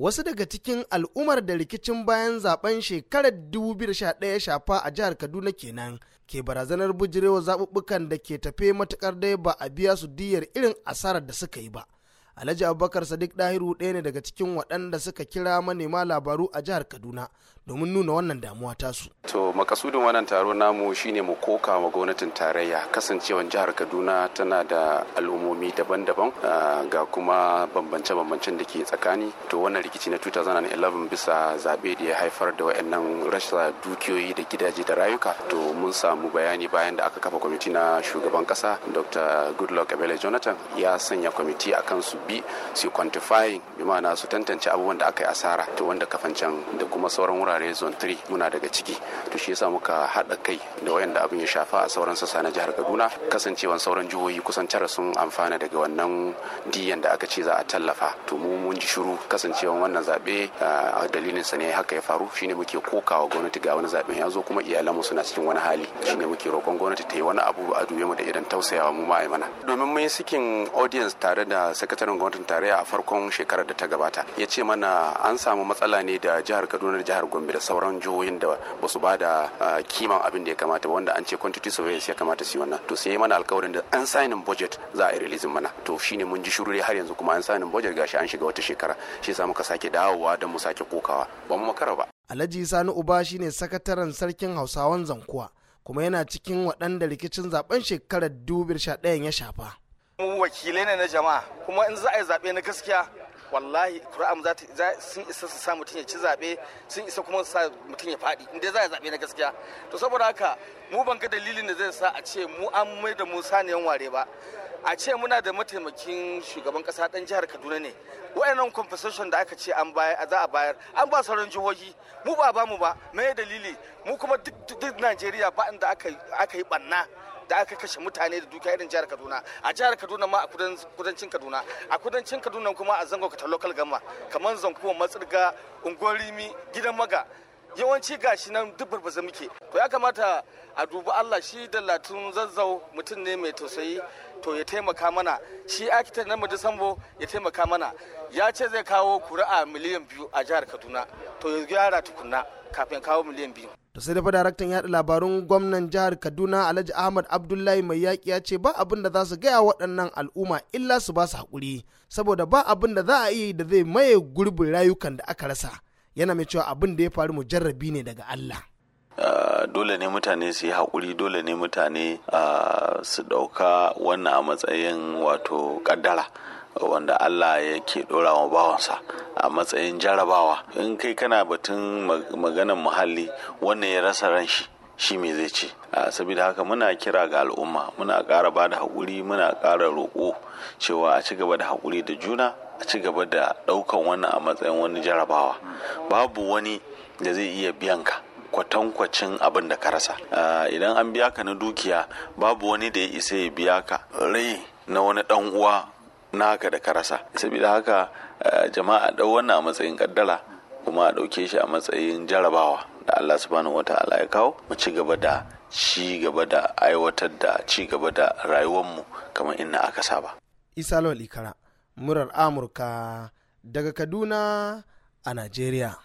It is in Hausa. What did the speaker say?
wasu daga cikin al'ummar da rikicin bayan zaben shekarar 2011 ya shafa a jihar kaduna kenan ke barazanar bujirewa zaɓuɓɓukan da ke tafe matuƙar dai ba a biya su diyar irin asarar da suka yi ba alhaji abubakar sadiq dahiru ɗaya ne daga cikin waɗanda suka kira manema labaru a jihar kaduna domin nuna wannan damuwa tasu. To makasudin wannan taro namu shine mu koka wa gwamnatin tarayya kasancewan jihar Kaduna tana da al'ummomi daban-daban ah, ga kuma bambance-bambancen da ke tsakani. To wannan rikici na 2011 bisa zaɓe da ya haifar da wayannan rasa dukiyoyi da gidaje da rayuka. To mun samu bayani bayan da aka kafa kwamiti na shugaban kasa Dr. Goodluck Abele Jonathan ya sanya kwamiti akan su bi su quantifying bi su tantance abubuwan da aka yi asara to wanda kafancan da kuma sauran wurare wurare zone 3 muna daga ciki to shi yasa muka haɗa kai da wayanda abin ya shafa a sauran sassa na jihar kaduna kasancewan sauran jihohi kusan tara sun amfana daga wannan diyan da aka ce za a tallafa to mu mun ji shiru kasancewan wannan zabe a dalilin sa ne haka ya faru shine muke kokawa gwamnati ga wani zaɓen ya zo kuma mu suna cikin wani hali shine muke roƙon gwamnati ta yi wani abu a duye mu da irin tausayawa mu ma'ai mana domin mun yi sikin audience tare da sakataren gwamnatin tarayya a farkon shekarar da ta gabata ya ce mana an samu matsala ne da jihar kaduna da jihar gombe game da sauran jihohin da ba su ba da kiman abin da ya kamata ba wanda an ce quantity surveillance ya kamata su yi wannan to sai mana alkawarin da an sainin budget za a yi releasing mana to shine mun ji shiru har yanzu kuma an sainin budget gashi an shiga wata shekara shi yasa muka sake dawowa don mu sake kokawa ba mu makara ba Alhaji Sani Uba shine sakataren sarkin Hausawan Zankuwa kuma yana cikin waɗanda rikicin zaben shekarar 2011 ya shafa. wakilai ne na jama'a kuma in za a yi zaɓe na gaskiya wallahi kur'an za ta sun isa su sa mutum ya ci zaɓe sun isa kuma su sa mutum ya faɗi inda za a zaɓe na gaskiya to saboda haka mu ban ga dalilin da zai sa a ce mu an mai da musa ne saniyan ware ba a ce muna da mataimakin shugaban kasa dan jihar kaduna ne wayannan compensation da aka ce an bayar za a bayar an ba sauran jihohi mu ba ba mu ba me dalili mu kuma duk najeriya ba inda aka yi banna da aka kashe mutane da duka irin jihar kaduna a jihar kaduna ma a kudancin kaduna a kudancin kaduna kuma a zango ta local gama kamar zanko matsirga unguwar rimi gidan maga yawanci gashi nan duk barbaza muke to ya kamata a duba allah shi da latun zazzau mutum ne mai tausayi to ya taimaka mana shi akitar na sambo ya taimaka mana ya ce zai kawo kuri'a miliyan biyu a jihar kaduna to ya gyara tukunna kafin kawo miliyan biyu da sai dafa daraktan yaɗa labarun gwamnan jihar kaduna alhaji ahmad abdullahi mai yaƙi ya ce ba abin da za su gaya waɗannan al'umma illa su ba su haƙuri saboda ba abin da za a yi da zai maye gurbin rayukan da aka rasa yana mai cewa abin da ya faru mu mujarrabi ne daga allah Uh, dole ne mutane su yi haƙuri dole ne mutane uh, su ɗauka wannan a matsayin wato ƙaddara wanda Allah yake ɗora wa bawansa a matsayin jarabawa in kai kana batun maganan muhalli wannan ya rasa ran shi shi me zai ce saboda haka muna kira ga al'umma muna ƙara ba da haƙuri muna ƙara roƙo cewa a ci gaba da haƙuri da juna a ci gaba da ɗaukan wannan a matsayin wani jarabawa babu wani da zai iya biyan ka kwatankwacin abin da ka rasa idan an biya ka na dukiya babu wani da ya isa ya biya ka rai na wani ɗan uwa naka da ka rasa saboda haka eh, jama'a ɗau wannan a matsayin kaddara kuma a ɗauke shi a matsayin jarabawa da Allah subhanahu wa ta'ala ya kawo mu ci gaba da ci gaba da aiwatar da ci gaba da rayuwar mu kamar inna aka saba isa lawal murar amurka daga kaduna a najeriya